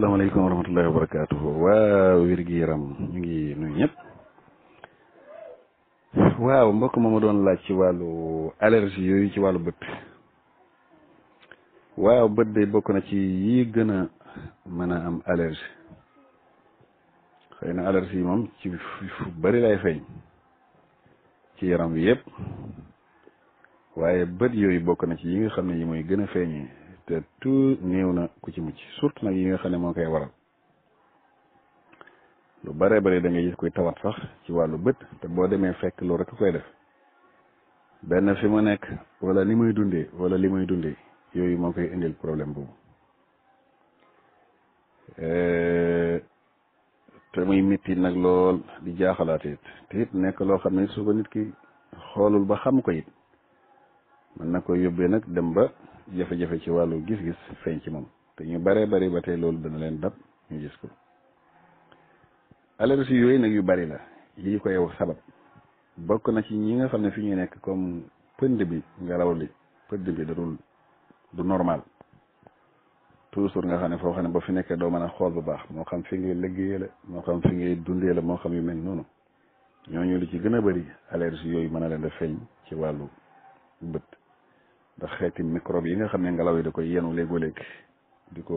asalaamaaleykum wa rahmatullahi wa waa wér gi yaram ñu ngi nuyu ñëpp waaw mbokk ma ma doon laaj ci wàllu allergie yooyu ci wàllu bët waaw bët day bokk na ci yi gën a mën a am allergie xëy na allergie yi moom ci fu bari lay feeñ ci yaram wi yëpp waaye bët yooyu bokk na ci yi nga xam ne yi mooy gën a feeñee te tout néew na ku ci mucc surtout nag yi nga xam ne moo koy waral lu bare bare da nga koy tawat sax ci wàllu bët te boo demee fekk loolu rek koy def benn fi ma nekk wala li muy dundee wala li muy dundee yooyu moo koy indil problème boobu eh, te muy yi nag lool di jaaxalaat it te it nekk loo xam ne su ko nit ki xoolul ba xam ko it mën na ko yóbbee nag dem ba jafe-jafe ci wàllu gis-gis feeñ ci moom te ñu baree bari ba tey loolu dana leen dab ñu gis ko allergies yooyu nag yu bari la yi koy sabab bokk na ci ñi nga xam ne fi ñu nekk comme pënd bi ngelaw li pënd bi dadul du normal toujours nga xam ne foo xam ne ba fi nekkee doo mën a xool bu baax moo xam fi ngay liggéeyee la moo xam fi ngay dundee la moo xam yu mel noonu ñoo ñooñu li ci gën a bari allergie yooyu mën a leen da feeñ ci wàllu bët ndax xeeti microbe yi nga xam ne ngelaw yi da koy yenu léegoo-léeg di ko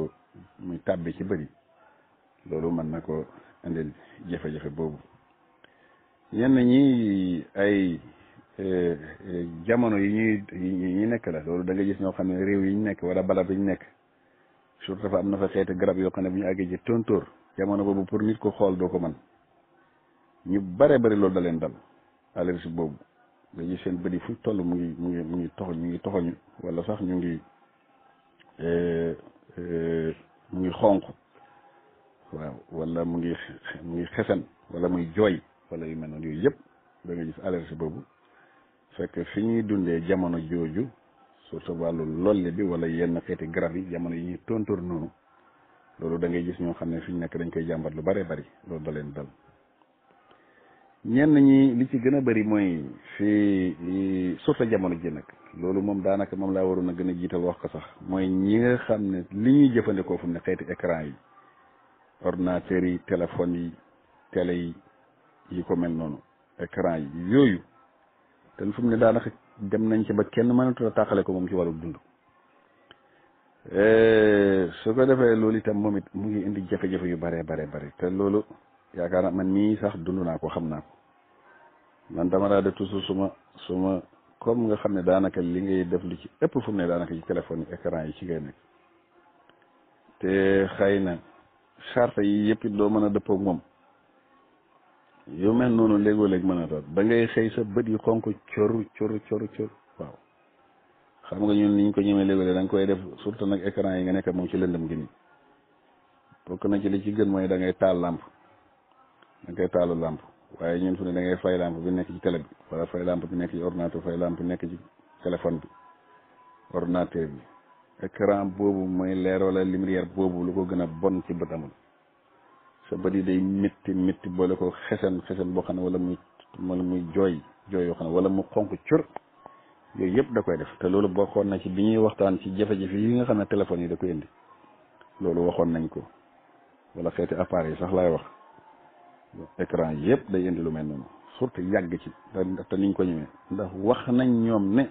muy tàbbi ci bëri loolu mën na ko indil jafe-jafe boobu ñenn ñi ay eh, eh, jamono yi ñuy yi nekk la loolu da nga gis ñoo xam ne réew yi ñu nekk wala bala yi ñu nekk surtout dafa am na fa xeeti garab yoo xam ne bu ñu àggee ci tontóor jamono boobu pour nit ko xool doo ko mën ñu bare bari loolu da leen dam dal si boobu nga gis seen bëri fu toll mu ngi mu ngi mu ngi toxoñ mu ngi toxoñu walla sax ñu ngi e, e, mu ngi xonq waaw wala mu ngi mu ngi xesan wala muy jooy wala yu mel noonu yooyu yëpp da nga gis allergie boobu fekk fi ñuy dundee jamono jooju surtout wàllu lolle bi wala yenn xeeti garab yi jamono yi ñuy tontóor noonu loolu da ngay gis ñoo xam ne fi ñu nekk dañ koy jàmbat lu bare bari loolu da leen dal ñenn ñi li ci gën a bari mooy fii li suuf jamono ji nag loolu moom daanaka moom laa waroon a gën a jiital wax ko sax mooy ñi nga xam ne li ñuy jëfandikoo fu mu ne xeeti écran yi ordinateurs yi téléphones yi télé yi ko mel noonu écran yi yooyu te fu ne daanaka dem nañ ci ba kenn mënatu la tàqale ko moom ci wàllu dund eh, su ko defee loolu itam moom it mu ngi indi jafe-jafe yu bare bare bare te loolu yaakaar naa man mii sax dund naa ko xam naa ko man dama daa de toujours suma suma kom nga xam ne daanaka li ngay def li ci ëpp fu mu ne daanaka ci téléphone yi écran ci ngay nekk te xëy na charte yi yëpp doo mën a dëppoo moom yu mel noonu léegoo léeg mën a toog da ngay xëy sa bët yi xonk coru coru coru coru waaw xam nga ñun niñ ko ñemee léegoo léeg da koy def surtout nag écran yi nga nekk moom ci lëndëm gi nii bokk na ci li ci gën mooy dangay taal làmp da ngay taalu làmp waaye ñun fu ne da ngay fay làmp bi nekk ci télé bi wala fay làmp bi nekk ci ordinateur fay làmp nekk ci téléphone bi ordinateur bi écran boobu mooy leer wala lumière boobu lu ko gën a bon ci bët amul sa bët yi day métti métti boole ko xesen xesen boo xam ne wala muy wala muy jooy jooy yoo xam ne wala mu xonk cur yooyu yëpp da koy def te loolu bokkoon na ci bi ñuy waxtaan ci jafe-jafe yi nga xam ne téléphone yi da koy indi loolu waxoon nañ ko wala xeeti appareil sax laay wax écran yëpp day indi lu mel noonu surtout yàgg ci te niñ ko ñëwee ndax wax nañ ñoom ne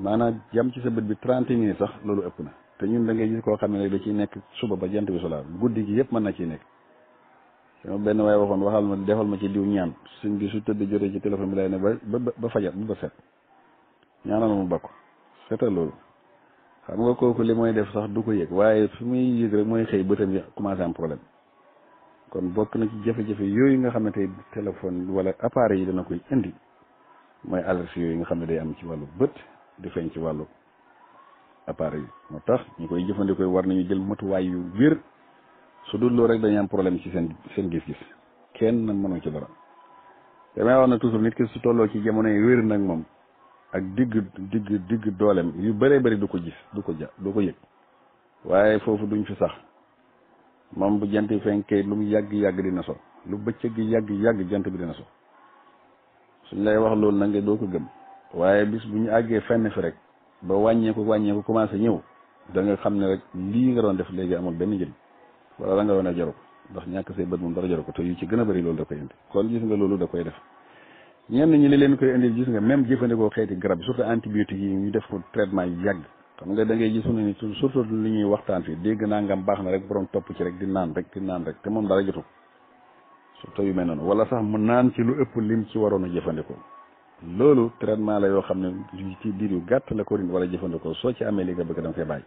maanaam jam ci sa bët bi trente minutes sax loolu ëpp na te ñun da ngay gis koo xam ne rek da ciy nekk suba ba jant bi solaar guddi gi yëpp mën na ciy nekk benn waaye waxoon waxal ma defal ma ci diw ñaan suñ bi su tëdd jotee ci téléphone bi lay ne ba ba fajat ba set ñaanal mu bakk seetal loolu xam nga kooku li mooy def sax du ko yëg waaye su muy yëg rek mooy xëy bëtam yi commencé am problème kon bokk na ci jafe-jafe yooyu nga xam ne téléphone wala appareil yi dana koy indi mooy allergie yooyu nga xam ne day am ci wàllu bët di feeñ ci wàllu appareil yi moo tax ñu koy jëfandikoo war nañu jël matuwaay yu wér su dul loolu rek dañuy am problème ci seen seen gis-gis kenn nag mënoo ci dara damay wax na toujours nit ki su tolloo ci jamono yi wér nag moom ak digg digg digg dooleem yu bëree bëri du ko gis du ko ja du ko yëg waaye foofu duñ fi sax moom bu jant fenkee lu mu yàgg-yàgg dina so lu bëccëg gi yàgg-yàgg jant bi dina so suñ lay wax loolu na nga doo ko gëm waaye bis bu ñu àggee fenn fi rek ba wàññeeku wàññeeku commencé ñëw da nga xam ne rek lii nga doon def léegi amul benn njëriñ wala la nga doon a jaru ko ndax ñàkk say bët moom dara jaru ko te yu ci gën a bëri loolu da koy indi kon gis nga loolu da koy def ñenn ñi li leen koy indil gis nga même jëfandikoo xeeti garab surtout antibiotiques yi ñu def ko traitement yi yàgg xam nga da ngay gis ne ni surtout li ñuy waxtaan fii dégg naa ngam baax na rek borom topp ci rek di naan rek di naan rek te moom dara jotul surtout yu mel noonu wala sax mu naan ci lu ëpp lim ci waroon a jëfandikoo loolu traitement la yoo xam ne ci diir yu gàtt la ko rin wala jëfandikoo soo ci amee li nga bëgg da nga koy bàyyi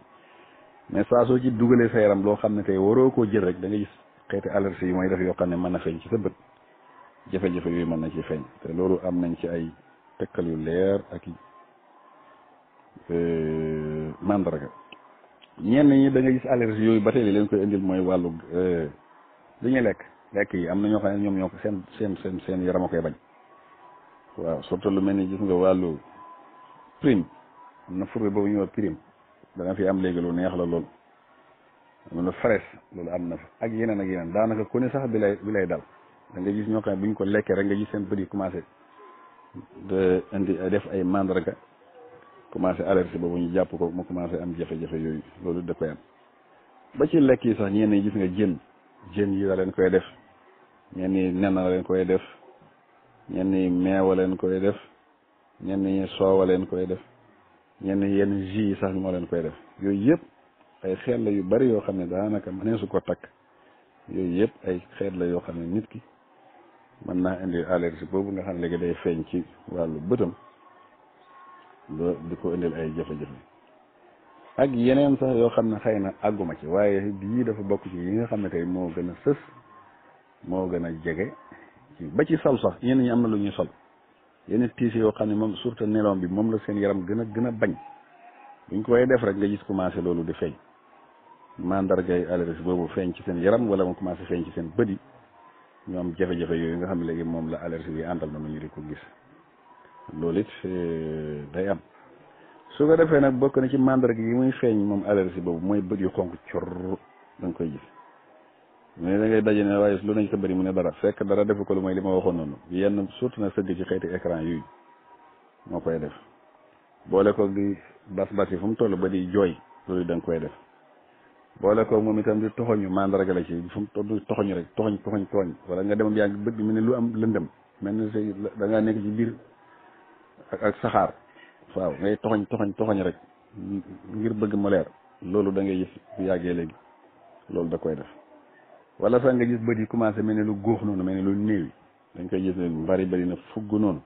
mais saa soo ci dugalee sa yaram loo xam ne tey waroo koo jël rek da nga gis xeeti allergie yu may def yoo xam ne mën na feeñ ci sa bët jafe-jafe mën na ci feeñ loolu am nañ ci ay tekkal yu leer mandarga ñenn ñi da gis allergie yooyu ba tey li leen koy indil mooy wàllu euh, li ñuy lekk lekk yi am na ñoo xam ne ñoom ñoo ko seen seen seen seen yaram a koy bañ waaw surtout lu mel ni gis nga wàllu prime am na furbe boobu ñuy wax prime dana fi am léegi lu neex la lool am na fraise loolu am na fa ak yeneen ak yeneen daanaka ku ne sax bi lay bi lay dal da nga gis ñoo xam ne bu ñu ko lekkee rek nga gis seen bët yi commencé de def ay mandarga commencé allergie boobu ñu jàpp ko mu commencé am jafe-jafe yooyu loolu da koy am ba ci lekk yi sax ñenn ñi gis nga jën jën yi la leen koy def ñenn ñi nen la leen koy def ñenn ñi meewa leen def ñenn ñi soowa leen koy def ñenn yenn jus yi moo leen koy def yooyu yëpp ay xeet la yu bari yoo xam ne daanaka mëneesu ko takk yooyu yëpp ay xeet la yoo xam ne nit ki mën naa indi allergie boobu nga xam ne léegi day feeñ ci wàllu bëtam ba di ko indil ay jafe-jafe ak yeneen sax yoo xam ne xëy na àgguma ci waaye bii dafa bokk ci yi nga xam ne tey moo gën a sës moo gën a jege ba ci sol sax ñenn ñi am na lu ñuy sol yeneen tiis yoo xam ne moom surtout nylon bi moom la seen yaram gën a gën a bañ buñ ko def rek nga gis commencé loolu di feeñ mandargay allergie boobu feeñ ci seen yaram wala mu commencé feeñ ci seen bët yi ñu am jafe-jafe yooyu nga xam ne léegi moom la allergie bi àndal na ñu di ko loolu it euh, day am su ko defee nag bokk na ci mandarga yi muy xeeñ moom allergie boobu mooy bët yu xonk cor da nga koy gis mais da ngay daje ne waaye lu nañ ko bëri mu ne dara fekk dara defu ko lu mooy li ma waxoon noonu yenn surtout na sëgg ci xeeti écran yooyu moo koy def boole ko di bas bas yi fu mu toll ba di jooy loolu da koy def boole ko moom itam di toxoñu mandarga la ci fu mu toll di toxoñu rek toxoñ toxoñ toxoñ wala nga demam yaa ngi bëgg mu lu am lëndëm mel ni nekk ci biir ak ak saxaar waaw ngay toxoñ toxoñ toxoñ rek ngir bëgg mu leer loolu da ngay gis bu yàggee léegi loolu da koy def walla sax nga gis bët yi commencé mel ne lu góox noonu mel ne lu néew yi dañ koy gis ne bari bari na fugg noonu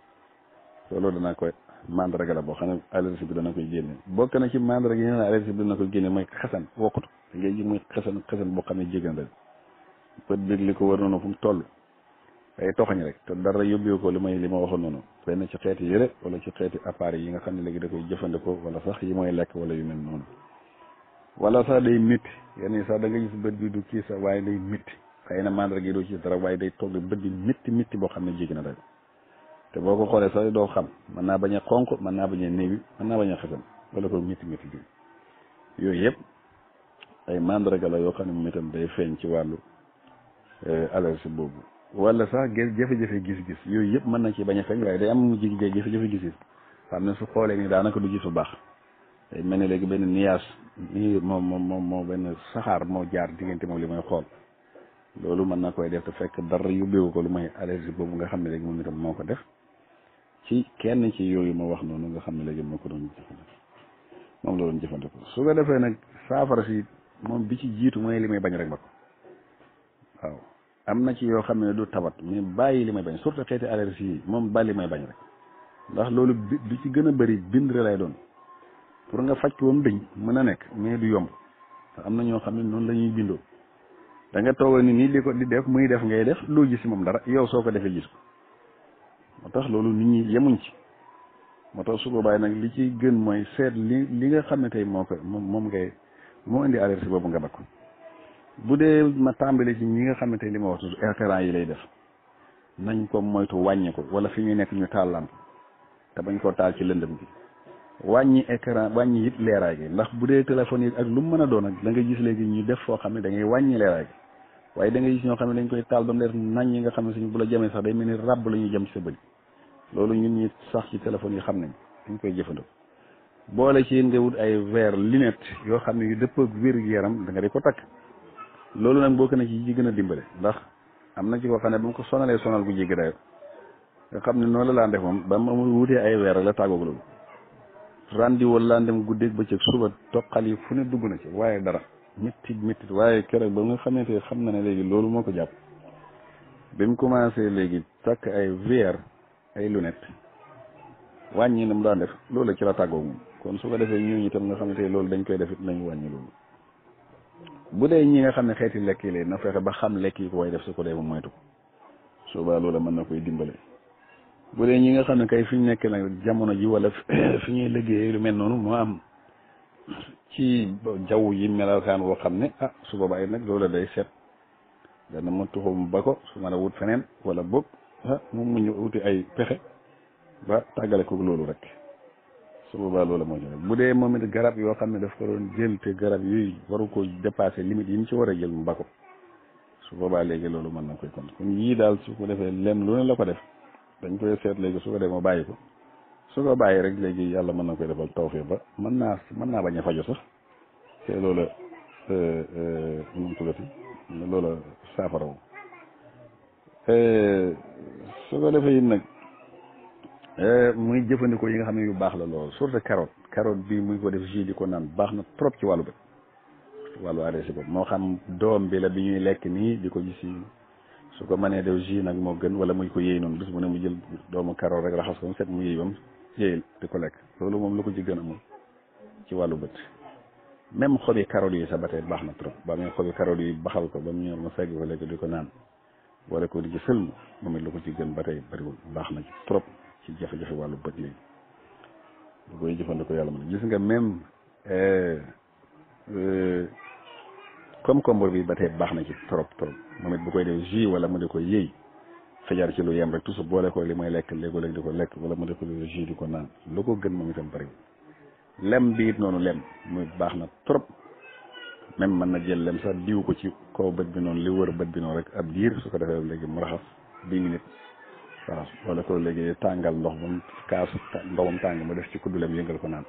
loolu dana koy mandarga la boo xam ne allergie bi dana koy génne bokk na ci mandarga yi ne allergie bi dana koy génne mooy xasan wokkatu da ngay gis muy boo xam ne jéggan la bët bi li ko war noonu fu mu day eh, toxañ rek te dara yóbbu ko li may li ma waxoon noonu benn ci xeeti yëre wala ci xeeti appareil yi nga xam ne léegi da koy jëfandikoo wala sax yi mooy lekk wala yu mel noonu wala sax day mitti yenn sax da nga gis bët bi du kii sax waaye day mitti xëy na mandarga yi doo ci dara waaye day toog bët bi mitti mitti boo xam ne jéggi na rek te boo ko xoolee sax doo xam mën naa bañ a xonq mën naa bañee a néewi mën naa bañ a xesam wala ko mitti yooyu yëpp ay mandarga la yoo xam ne moom itam day feeñ ci wàllu eh, allergie boobu wala sax jafe-jafe gis-gis yooyu yëpp mën na ci bañ a feeñ waaye day am mu jig jafe-jafe gis-gis xam ne su xoolee ni daanaka du gis su baax day mel ne léegi benn nuage moom moom moom moo benn saxaar moo jaar diggante moom li mooy xool loolu mën na koy def te fekk dara yóbbeewu ko lu may allergie boobu nga xam ne léegi moom itam moo ko def ci kenn ci yooyu ma wax noonu nga xam ne léegi moo ko doon jëfandikoo moom la doon su ko defee nag saafara si moom bi ci jiitu mooy li may bañ rek ba ko waaw am na ci yoo xam ne du tabat mais bàyyi li may bañ surtout xeeti allergie yi moom bàyyi may bañ rek ndax loolu bi lu ci gën a bëri bind lay doon pour nga faj ko ba mu dëñ mën a nekk mais du yomb am na ñoo xam ne noonu lañuy ñuy bindoo da nga tooga ni nii li ko di def muy def ngay def loo gis moom dara yow soo ko defee gis ko moo tax loolu nit ñuy yemuñ ci moo tax su boobaa nag li ci gën mooy seet li li nga xam ne tey moo ko moom moom ngay moo indi allergie boobu nga bakku bu dee ma tàmbali ci ñi nga xamante li ma wax écran yi lay def nañ ko moytu wàññi ko wala fi ñu nekk ñu tàllan te bañ koo taal ci lëndëm gi wàññi écran wàññi it leeraay gi ndax bu dee téléphone yi ak lu mu mën a doon ak da nga gis léegi ñu def foo xam ne dangay wàññi leeraay gi waaye dangay nga gis ñoo xam ne dañ koy taal ba mu leer nañ ñi nga xam ne suñu bu la jamee sax day mel ni ràbb la ñuy jëm ci sa bëñ loolu ñu ñu sax ci téléphone yi xam nañ dañ koy jëfandikoo boole ci nga ay verre lunette yoo xam ne yu dëpp ak wér yaram da nga ko takk loolu nag bokk ne ci ji gën a dimbale ndax am na ci koo xam ne ba mu ko sonalee sonal gu jéggi dayo nga xam ne noonu la laan def moom ba mu wutee ay weer la tàggoog loolu rendiwoo laan dem guddeeg bëccëg suba toqal yi fu ne dugg na ci waaye dara métti métti waaye keroog ba nga xamante ne xam na ne léegi loolu moo ko jàpp bi mu commencé léegi takk ay verre ay lunette wàññi na mu daan def loolu la ci la tàggoog moom kon su ko defee ñu tam nga xamante ne loolu dañ koy def it nañu wàññi loolu. bu dee ñi nga xam ne xeeti lekk yi leen na fexe ba xam lekk yi ko way def su ko dee mu moytu ko suba loola mën na koy dimbale bu dee ñi nga xam ne kay fi ñu nekk nag jamono ji wala fi ñuy liggéey lu mel noonu moo am ci jaww yi melalkaan woo xam ne ah su boobaa yi nag loola day set dana ma tuxum ba ko su ma a wut feneen wala boog ah mu muñ wuti ay pexe ba tàggale ko loolu rek su boobaa loola moo ci bu dee moom garab yoo xam ne daf ko doon jël te garab yi waru ko dépassé limite yi mu ci war a jël mu bako su boobaa léegi loolu mën na koy kon kon yii daal su ko defee lem lu ne la ko def dañ koy seet léegi su ko defee mu bàyyi ko su ko bàyyi rek léegi yàlla mën na koy defal fee ba mën naa mën naa bañ a fajo sax te loola euh, euh, nu mu tuddati loola saafarawu euh, su ko defee it nag Euh, muy jëfandikoo yi nga xam ne yu baax la lool surtout carotte carotte bi muy ko def jus di ko naan baax na trop ci wàllu bët wàllu arrêté boobu moo xam doom bi la bi lekk nii di ko gis su ko mënee def jus nag moo gën wala muy ko yéey noonu bis mu ne mu jël doomu carotte rek raxas ko mu set mu yéey bam yéeyal di ko lekk loolu moom lu ko ci gën amul ci wàllu bët même xobi carotte yi sa ba tey baax na trop ba amee xobi carotte yi baxal ko ba mu ñor ma fegg ko lekk di ko naan wala ko di ci sëlmu moom it lu ko ci gën ba tey bëriwul baax na trop ci jafe-jafe wàllu bët yooyu bu koy jëfandikoo yàlla mën gis nga même concombre euh, euh, bi ba tey baax na ci trop trop moom it bu koy def jus wala mu di ko yëy fajar ci lu yem rek su boole ko li may lekk léegoo-léeg di ko lekk wala mu di ko jus di ko naan lu ko gën moom itam bëri lem bi it noonu lem muy baax na trop même mën na jël lem sax diw ko ci kaw bët bi noonu li wër bët bi noonu rek ab diir su ko defee léegi mu raxas dix minutes waaw wala ko léegi tàngal ndox moom kaas ndoxum tàng ma def ci kuddulem yëngal ko naan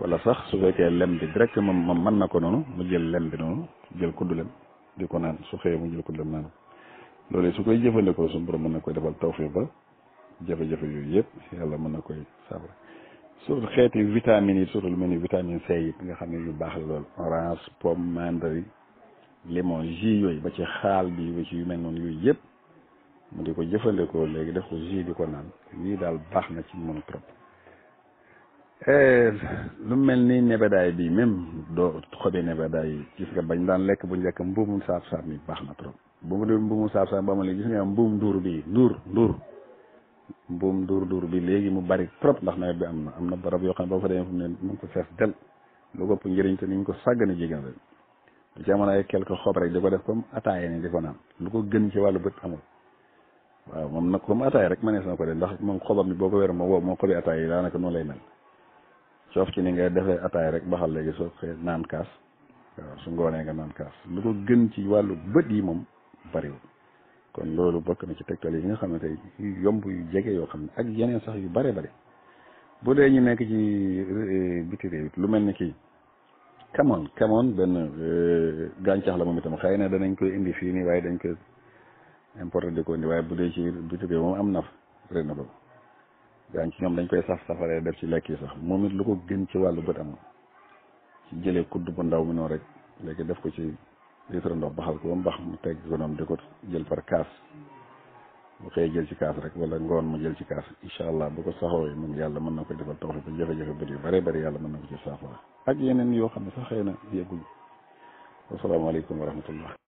wala sax su fekkee lem bi direct moom moom mën na ko noonu mu jël lem bi noonu jël kuddulem di ko naan su xëyee mu jël kuddulem naan loolu su koy jëfandikoo su borom mën na koy defal tawfeex ba jafe-jafe yooyu yëpp yàlla mën na koy saafara surtout xeeti vitamines yi su lu mel ni vitamine C yi nga xam ne yu baax la lool orange pomme mandarine limon jus yooyu ba ci xaal bi ba ci yu yëpp mu di ko jëfandikoo léegi def ko jus di ko naan lii daal baax na ci moom trop eh, lu mel ni nebedaay bi même doo xobi nebedaay yi gis nga bañ daan lekk bu njëkk mbuumu saab saab mi baax na trop bu mu dul mbuumu saab saab ba ma léegi gis nga mbuum nduur bi nduur nduur mbuum bi léegi mu bari trop ndax nawet bi am na am na barab yoo xam ne boo fa demee fu mu ne mu ngi ko fees del lu ëpp njëriñ te ni ñu ko sàggane jigéen rek ay quelque xob rek di ko def comme ataaya ni di ko naan lu ko gën ci wàll bët amul waaw moom nag comme ataay rek mënees na ko de ndax moom xobam bi boo ko wér moo woo moo xobi ataay yi daanaka noonu lay mel soof ci ni nga defee ataay rek baxal léegi soo xee naan kaas waaw su ngoonee nga naan kaas lu ko gën ci wàllu bët yi moom bariwul kon loolu bokk na ci tegtal yi nga xam ne tey yomb yu jege yoo xam ne ak yeneen sax yu bare bare bu dee ñu nekk ci e, biti réew lu mel ni kii kamoon kamoon benn e, gàncax la moom itam xëy na danañ koy indi fii waaye dañ koy importé di ko indi waaye bu dee ci bitim réew moom am na fa ko gaañ ci ñoom dañ koy saf safaree def ci lekk yi sax moom it lu ko gën ci wàllu bët am ci jëlee kudd bu ndaw mu noonu rek léegi def ko ci litre ndox baxal ko ba mu mu teg gonom di ko jël par kaas bu xëyee jël ci kaas rek wala ngoon mu jël ci kaas incha allah bu ko saxoo moom yàlla mën na ko defal tawfeex ba jafe-jafe bët yu bare bari yàlla mën na ko ci saafara ak yeneen yoo xam ne sax xëyee na yegguñ wasalaamaaleykum wa rahmatullah